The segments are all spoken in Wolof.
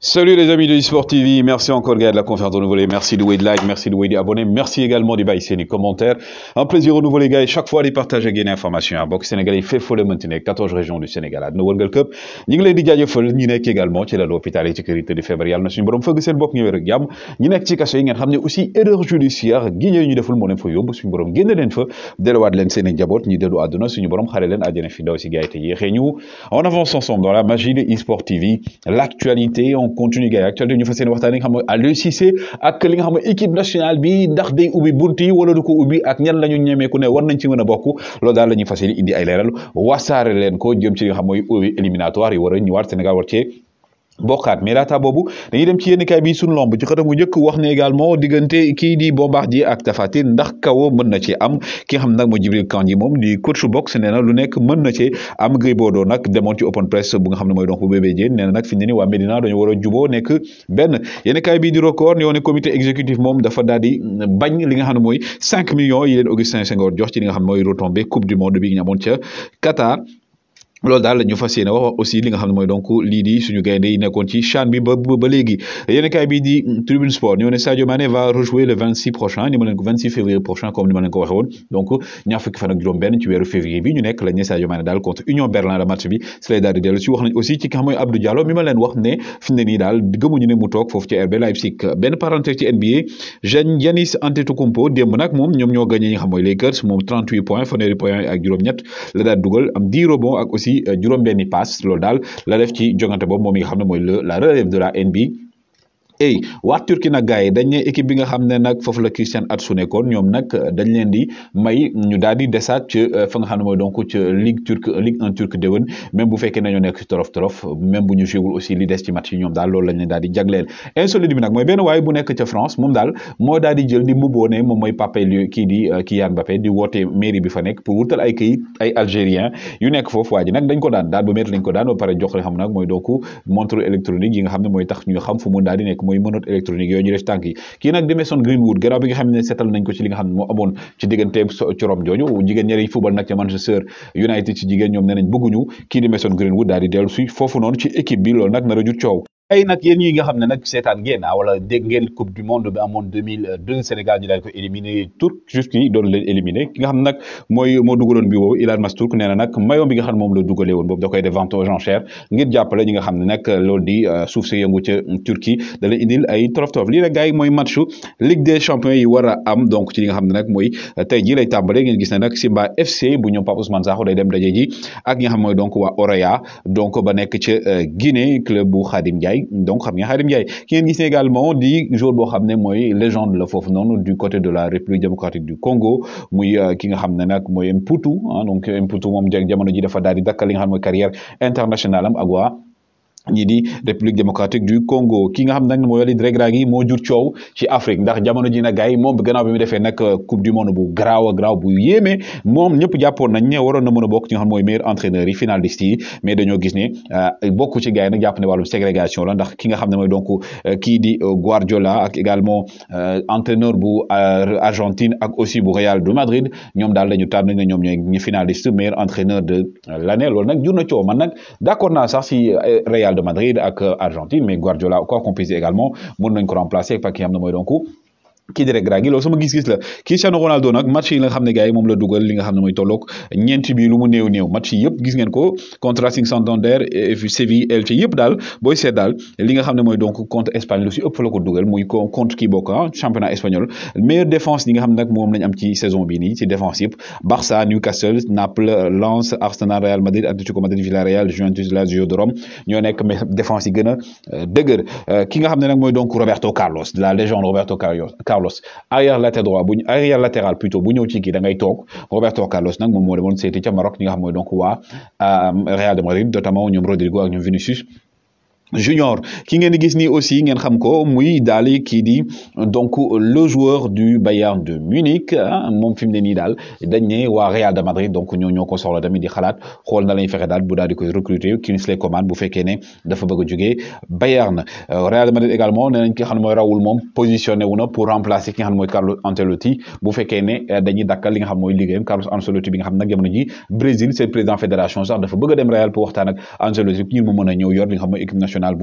Salut les amis de eSport TV, merci encore gars de la conférence de merci de de like, merci de des abonnés, merci également de baisser les commentaires. Un plaisir au nouveau les gars, et chaque fois de partager gagner information. Box sénégalais fait e folle maintenant, 14 régions du Sénégal à World Cup. Nous les gars, folle, nous sommes également chez l'hôpital et sécurité de février. Nous sommes bonnes fois c'est le bok nous verrons gamme. Nous sommes chez Kassé, nous avons aussi erreur judiciaire, guignons nous de foule mon info, nous sommes bonnes guignons l'info, de l'ouad l'en Sénégabot, nous de l'ouad nous sommes bonnes kharelen à Djenefida aussi gars et nous. On avance ensemble dans la magie de eSport TV, l'actualité, on continue gars yi actualité ñu fa seen waxtaan yi xam ne Aliou Cissé ak li nga xam ne équipe nationale bi ndax day ubbi bunt yi wala du ko ak ñan la ñu ñemeeku ne war nañ ci a bokk loolu daal la ñuy fas idi indi ay leen ko jëm ci li nga xam mooy éliminatoire yi war a ñëwaat Sénégal war cee bokkaat mais laata boobu dañuy dem ci yenn kaay bi suñu lomb ci o gu njëkk wax ne également diggante kii di Bombardier ak Tapha Tine ndax kawo mën na ci am ki xam nag mooy Jibril Kandji moom di coach box nee lu nekk mën na ci am Gris Bordeaux nag demoon ci open press bu xam ne mooy donc bébé Diène nee na nag fi ne ni waa Médina dañu war a juboo nekk benn yenn kaay bi di record yoo ne comité exécutif moom dafa daal bañ li nga xam ne mooy cinq millions o leen Augustin Senghor jox ci li nga xam ne mooy retombée coupe loolu daal la ñu fas yéene wax aussi li xam ne mooy donc lii suñu gaynde yi nekkoon ci CHAN bi ba ba léegi yéen kaay bii di Tribune Sport ñoom ñoo gagné ñi nga xam mooy Lakers points fanweeri points ak juróom-ñett la dugal am 10 rebonds si euh, juróom-benni paas loolu daal la def ci jongante boobu moom nga xam ne mooy le la relève de la NBA ey waa Turquie nag gars yi dañ ne équipe bi nga xam ne nag foofu la Christian Atsu nekkoon ñoom nag euh, dañ leen di may ñu daal di desaat ci euh, fa nga xam ne mooy donc ci ligue turque ligue un des ci ñoom daal loolu lañ leen daal di jagleel insolite bi nag mooy benn waaye bu nekk ca France moom daal moo daal di jël di mbubboo ne moom mooy Pape kii di euh, Kylian Mbappé di woote mairie bi fa nekk pour wutal ay këyit ay algérien yu nekk foofu waa nag dañ ko daan daal ba mettre lañ ko daan pare jox li xam ne mooy tax ñu xam nekk mooy monote électronique yooyu ñu def tànk yi kii nag Mason Greenwood gannaaw bi nga xam ne seetal nañ ko ci li nga xam moo amoon ci digganteeg corom jooju jigéen ñeneen football nag ca Manchester United ci jigéen ñoom nee nañ bëgguñu kii Greenwood daal di dellu noonu ci équipe bi nag nar coow ay nak yeen yi nga xam nak nag seetaan ngeen ah wala dégg ngeen coupe du monde bi amone 2002 mille Sénégal ñu dal ko éliminer Turc juste yi doon leen éliminé ki nga xam nak moy mo dugaloon bi wo Ilhan Masturk nee na nag maillot bi nga xamne mom la dugalee won boobu da koy def vente aux enchères ngir jàppale ñi nga xam nak lool di euh, suuf si yëngu ca mm, Turquie da leen indil ay torof torof lii nag gars yi matchu Ligue des champions yi wara am donc ci nga xam nak moy euh, tay ji lay tàmbale ngeen gis ne nak Simba FC bu ñoom Pape Ousmane Sakho day dem dajé ji ak nga xam mooy donc wa Oraya donc ba nek ci euh, Guinée club bu Khadim Ndiaye Ndiaye donc xam nga Khadim Ndiaye ki ngeen gis également di jour boo xam ne mooy légende la foofu noonu du côté de la République démocratique du Congo muy euh, ki nga xam ne nag mooy Mputu ah, donc Mputu moom jamono ji dafa daal di dakkal li nga xam ne mooy carrière internationale am ak waa ñi di république démocratique du Congo ki nga xam nag moo yore reg-rag moo jur coow ci Afrique ndax jamono ji na gars yi moom gannaaw bi mu defee nag euh, coupe du monde bu garaaw a garaaw bu yéeme moom ñëpp jàppoon nañ ne waroon na mën a bokk ci nga xam mooy meilleur entraîneur yi finaliste yi mais dañoo gis ne euh, bokk ci gars yi nag jàpp ne wàllum ségrégation la ndax ki nga xam ne mooy donc euh, kii di Guardiola ak également entraîneur bu Argentine ak aussi bu Real de Madrid ñoom daal lañu tànn ne ñoom ñooy ñi finaliste meilleur entraîneur de l'année loolu nag jur na coow man nag d'accord naa sax si Real de Madrid avec Argentine mais Guardiola quoi qu'on puisse également mën nañ ko remplacer ak a ki kii di rek raagi loolu sama gis-gis la Cristiano Ronaldo nag match yi xam ne gars yi moom la dugal li xam ne mooy tolloog ñeenti bi lu mu néew néew match yi yëpp gis ngeen ko contre Racing Santander Séville Elche yëpp daal booy seet daal li xam ne mooy donc contre Espagne si ëpp la ko dugal muy contre kii ah, championnat espagnol meilleure défense yi nga xam ne nag moom lañ am ci saison bii nii ci défense yëpp Newcastle Naples Lens Arsenal Real Madrid a euh, dëgër euh, ki mooy donc Roberto Carlos la légende Roberto Carlos arrière latéral droit bu arrière latéral plutôt bu ñëw ci kii da ngay toog Roberto Carlos nag moom moo demoon seeti ca Maroc ñi nga xam mooy donc waa euh, Real de Madrid notamment ñoom Rodrigo ak ñoom Vinicius Junior ki ngeen gis ni aussi ngeen xam ko muy daal ki di donc le joueur du Bayern de Munich ah, mom fi ni Dal, dañ ne wa Real de Madrid donc ñoo ñoko soxla tamit di xalaat xol na lañu fexé dal bu dal di koy recruter Kingsley Coman bu fekkee ne dafa bëgg a Bayern Real de Madrid également nee nañ ki xam moy Raoul mom positionné wu na pour remplacer ki xam moy Carlo Ancelotti bu fekkee ne eh, dañuy dakkal li nga xam mooy liggéeyam Carlo Ancelotti bi nga xam nag jamono ji Brésil c'est président fédération sax dafa bëgg dem Real pour waxtaan ak Ancelotti ñu mu mën ñëw yor li nga xam moy équipe nationale Nacional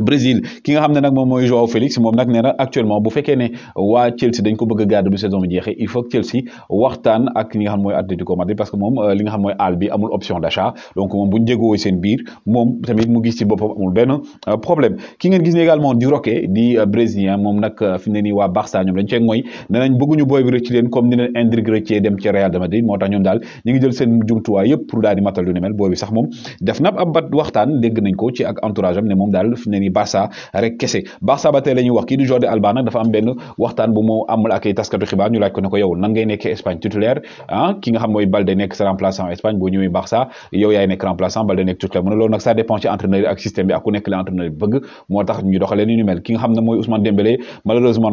Brésil ki nga xam ne nag moom mooy Joao Félix moom nag nee na actuellement bu fekkee ne waa Chelsea dañ ko bëgg a bu saison bi jeexee il faut que Chelsea waxtaan ak li nga xam mooy Atlético Madrid parce que moom euh, li nga xam mooy àll bi amul option d'achat donc moom bu ñu jégoo seen biir moom tamit mu gis ci boppam amul benn euh, problème ki ngeen gis ne également di Roque di euh, brésilien moom nag fi mu ne nii waa Barça ñoom dañ cee mooy nee nañ bëgguñu booy bi rëcc leen comme ni leen Endrick rëccee dem ci Real de Madrid moo tax ñoom daal ñu ngi jël seen jumtuwaay yëpp pour daal di matal lu ne mel booy bi sax moom def na ab waxtaan dégg nañ ko ci ak entourage am ne moom daal fi ni Barça rek kese Barça ba tey wax kii di Jordi Alba dafa am benn waxtaan bu mu amul ak ay taskatu xibaar ñu laaj ko ne ko yow nan ngay Espagne titulaire ah ki xam mooy Balde nekk sa remplaçant Espagne boo ñëwee Barça yow yaay nekk remplaçant Balde nekk titulaire mu ne loolu nag ça dépend ci ak système bi ak nekk la entraîneur bëgg moo tax ñu doxalee ni ñu mel ki nga xam ne mooy Ousmane Dembélé malheureusement euh,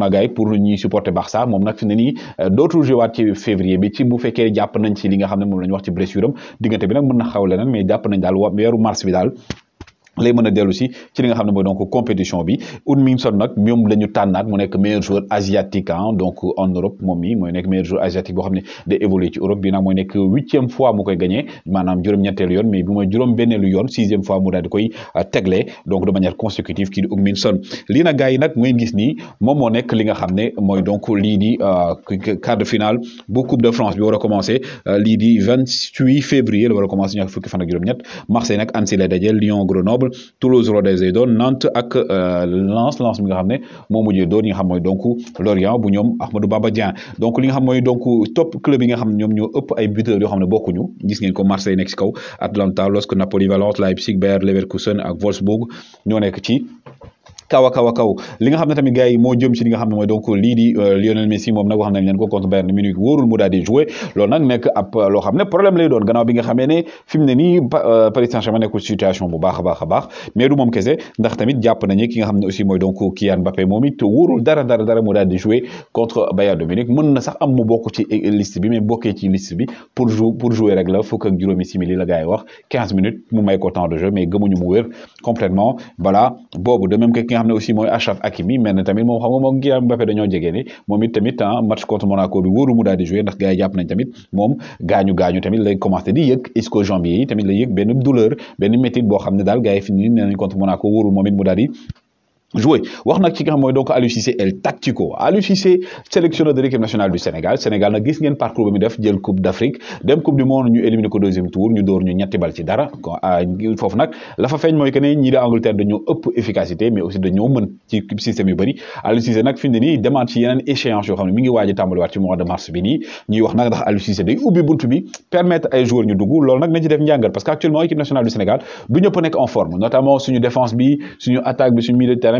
na lay mën a dellu si ci li nga xam ne mooy donc compétition bi Udmingson nag ñoom la ñu tànnaat mu nekk meilleur joueur asiatique ah donc en Europe moom mi mooy nekk meilleur joueur asiatique boo xam ne day évoluer ci Europe bi nag mooy nekk huitième fois mu koy gagné maanaam juróom-ñetteelu yoon mais bi mooy juróom-benneelu yoon sixième fois mu daal di koy euh, tegle donc de manière consécutive kii di Udmingson lii nag gars yi nag ngeen gis nii moom moo nekk li nga xam ne mooy donc lii di euh, quart de finale bu Coupe de France bi war a commencé euh, lii di vingt huit février la war a commencé ñaar fukki fan ak juróom-ñett Marseille nag Annecy lay dajel Lyon Grenoble doon Toulouse Rodez lay doon Nantes ak euh, Lens Lens mi nga xam ne moo mujjee doo ñi nga xam mooy donc Lorient bu ñoom Ahmadou Bamba Dieng donc li nga xam mooy donc top club yi nga xam ne ñoom ñoo ëpp ay buteurs yoo xam ne bokkuñu gis ngeen ko Marseille nekk ci kaw Atlanta LOSC Napoli Valence Leipzig Bayer Leverkusen ak Wolfsburg ñoo nekk ci kawa kawa kaw li nga xam tamit gaay mo moo jëm ci li nga xam moy donc li di euh, Lionel Messi mom nak wax nañ leen ko contre Bayern Munich worul mu daal di jouer loolu nak nek ap euh, lo xam problème lay doon gannaaw bi nga xamee ne fi mu ne nii euh, Paris Saint-Germain nekkul situation bu baax a baax baax mais du mom kese ndax tamit japp nañu ki nga xam aussi moy donc Kylian Mbappé momit worul dara dara dara mu daal di jouer contre Bayern de Munich mën na sax am mu bokku ci liste bi mais bokké ci liste bi pour jou pour jouer rek la fukk ak simi li la gaay wax 15 minutes mu may ko temps de jeu mais gëmuñu mu wër complètement voilà bobu de même que xam ne aussi mooy Achraf Hakimi mel na tamit moom xam nga moom Kylian Mbappé dañoo jege ni moom it tamit ah match contre Monaco bi wóoru mu daal di jouer ndax gars yi jàpp nañ tamit moom gaañu gaañu tamit lay commencé di yëg isco janvier yi tamit lay yëg benn douleur benn métit boo xam ne daal gars yi fi nii nee Monaco wóoru moom mu daal joué wax nak ci nga moy donc Aliou Cissé El Tactico Aliou Cissé sélectionneur de l'équipe nationale du Sénégal Sénégal nag gis ngeen parcours bi mi def jël coupe d'Afrique dem coupe du monde ñu éliminé ko deuxième tour ñu door ñu ñetti bal ci dara ah, Fofu nak la fa feñ moy que ne ñi de Angleterre dañoo ëpp efficacité mais aussi dañoo mën ci système yu bari. Aliou Cissé nag fi ni ne nii demaat ci yeneen échéance yoo xam mi ngi waji a wat ci mois de mars bi ni. ñuy wax nak ndax Aliou Cissé day ubbi buntu bi permettre ay joueurs ñu dugg Lool nak na ci def njàngat parce que actuellement équipe nationale du Sénégal du ñëpp nek en forme notamment suñu défense bi suñu attaque bi suñu milieu de terrain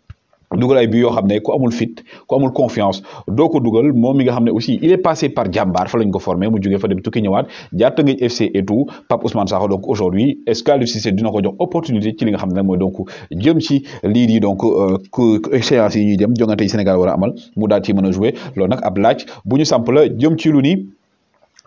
dugal ay bi yo xamné ko amul fit ko amul confiance doko ko momi nga xamné aussi il est passé par jambar fa lañ ko formé mu jógee fa dem tukki ñëwaat jaar Teungueth FC et tout Pape Ousmane Sakho donc aujourd'hui est-ce que Aliou Cissé dina ko jox opportunité ci li nga xamné moy donc jëm ci lii di donc euh, échéance yi ñuy jëm jongante Sénégal wara amal mu daal ci mëna jouer loolu nak ab laaj bu ñu samp la jëm ci lu ni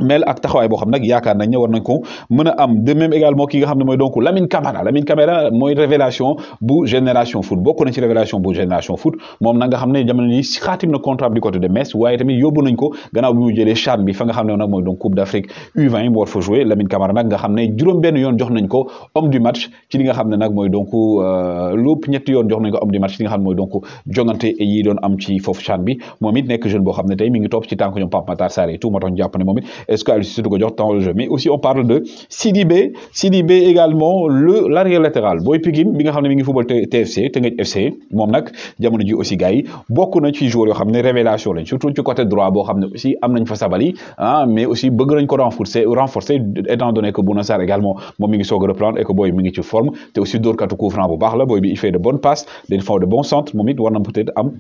mel ak taxaway bo xam nak yakar nañ ne war nañ ko mën am de même également ki nga xamne moy donc Lamine Camara Lamine Camara moy révélation bu génération foot bokku na ci révélation bu génération foot mom nag nga xamne ne jamono yi xaatim na contrat bi du côté de Metz waye tamit yóbbu nañ ko gannaaw bu mu jëlee CHAN bi fa nga xamne nak moy donc Coupe d'Afrique U20 mu war fa jouer Lamine Camara nak nga xamne juroom juróom yoon jox nañ ko homme du match ci li nga xamne nak moy mooy donc euh, lépp ñet yoon jox nañ ko homme du match ci li nga xamne moy donc jonganté yi doon am ci fofu CHAN bi momit nek jeune bo xamne tay mi ngi top ci tanku ñom Pape Matar Sarr tout mo tax ñu jàpp ne momit est-ce qu'Alucide Godior tend le jeu Mais aussi, on parle de Sidibé. Sidibé également, le l'arrière latéral. Boy Pigin, bi nga xam ne mi ngi football TFC, TFC. FC, moom nag jamono aussi gars beaucoup de na ci joueur yoo xam révélation lañ surtout ci côté droit boo xam aussi am nañ fa Sabali ah, mais aussi bëgg nañ ko renforcer renforcer étant donné que Bouna également mon mi ngi soog reprendre et que boy mi ngi ci forme te aussi d'autres coup franc bu baax la booy bi il fait de bonnes passes il forme de bons centres moom it war peut-être am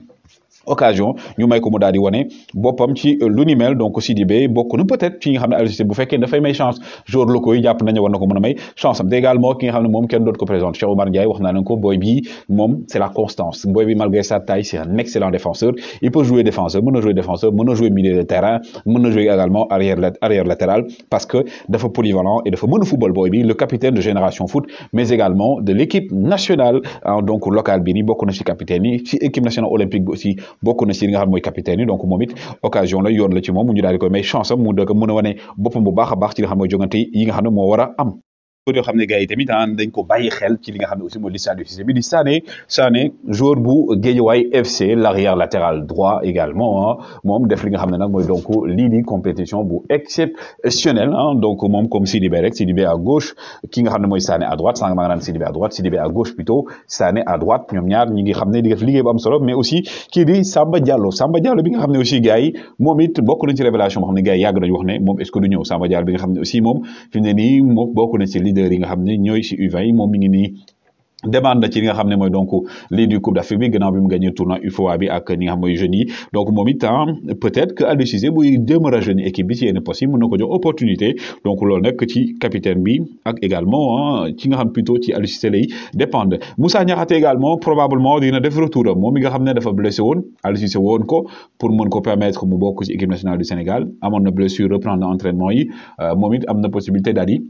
occasion ñu may ko mu daal di wane boppam ci lu ni mel donc Sidibé bokk na peut-être ci nga xam ne Aliou Cissé bu fekkee dafay may chance jour locaux yi jàpp nañu war na ko may chance am également ki nga xam ne moom kenn doot ko présente Cheikh Oumar Ndiaye wax naa ko boy bi moom c'est la constance boy bi malgré sa taille c'est un excellent défenseur il peut jouer défenseur mën jouer défenseur mën jouer milieu de terrain mën jouer également arrière latéral parce que dafa polyvalent et dafa mën a football boy bi le capitaine de Génération Foot mais également de l'équipe nationale ah, donc locale bi ni bokk na ci capitaine yi ci équipe nationale olympique bi aussi bokk na si li nga xam mooy capitaine yi donc moom it occasion la yoon la ci moom mu ñu daal koy may chance am mu dëkk a wane boppam bu baax a baax ci li nga xam mooy jongante yi nga xam a am pour xam ne gars mais tamit ah dañ ko bàyyi xel ci li nga aussi mooy Lissa Aliou Cissé bi di Sané Sané joueur bu Guédiawaye FC l'arrière latéral droit également ah, moom def li nga xam ne donc lii di compétition bu exceptionnel ah, donc moom comme Sidibé rek Sidibé à gauche ki nga xam ne mooy à droite sànq maa ngi naan Sidibé à droite Sidibé à gauche plutôt année à droite ñoom ñaar ñi ngi xam ne di def liggéey bu am solo mais aussi qui di Samba Diallo Samba Diallo bi nga aussi gars yi moom beaucoup de révélations ci révélation boo xam ne gars wax est-ce que du ñëw Samba Diallo bi nga aussi moom finalement mu ne nii ci leaders yi nga xam ñoy ci U20 yi mi ngi ni demande ci nga xam moy donc l'équipe du Coupe d'Afrique bi gannaaw bi mu gagné tournoi UFOA bi ak ñi nga xam moy jeunes yi donc moom peut-être que Aliou Cissé buy jéem a équipe bi ci yene possible yi mën na ko jox opportunité donc lool nak ci capitaine bi ak également hein, ci nga xam plutôt ci Aliou Cissé lay dépendre Moussa Niakhaté également probablement dina def retour am mi nga xam dafa blessé woon Aliou Cissé woon ko pour mën ko permettre mu bokku ci équipe nationale du Sénégal amoon na blessure reprendre entraînement yi euh, momit amna possibilité d'aller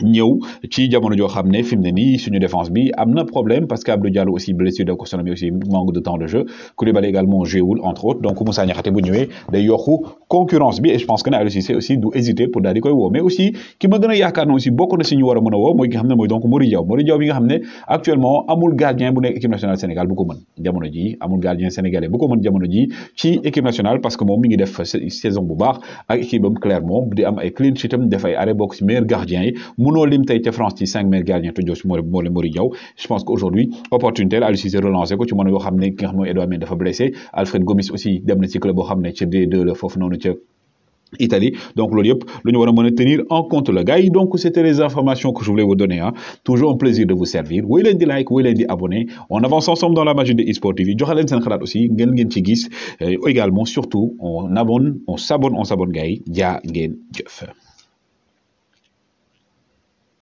ñew ci jamono jo xamné ne fi ni suñu défense bi amna problème parce que Abdou Diallo aussi blessé de Costa aussi manque de temps de jeu Koulibaly également joué entre autres donc Moussa Niakhaté bu ñewé day yoxu concurrence bi et je pense que ne Aliou Cissé aussi dou hésiter pour daal di koy woo mais aussi ki ma gëna a yaakaar ne aussi bokk na suñu wara mëna wo moy ki donc Mory Diaw bi nga xamné actuellement amul gardien bu nek équipe nationale Sénégal bu ko mën jamono ji amul gardien sénégalais bu ko mën jamono ji ci équipe nationale parce que mom mi ngi def saison bu baax ak équipe clairement bu di am ay clean sheet def ay arrêt bokk ci meilleur gardien yi Monolim lim tey France ci cinq mille gardien te joo si Mori je pense que aujourd'hui opportunité la Aliou Cissé relancé ko ci mën yoo ki nga Edouard dafa blessé Alfred Gomis aussi dem na ci club boo xam ne 2 Italie. Donc, le nous l'Union va tenir en compte le gars. Donc, c'était les informations que je voulais vous donner. Hein. Toujours un plaisir de vous servir. Oui, lundi like, vous lundi abonné. On avance ensemble dans la magie de eSport TV. Djokhalen Senkhalat aussi, Gen Gen Également, surtout, on abonne, on s'abonne, on s'abonne, gars. Ya Gen Jeff.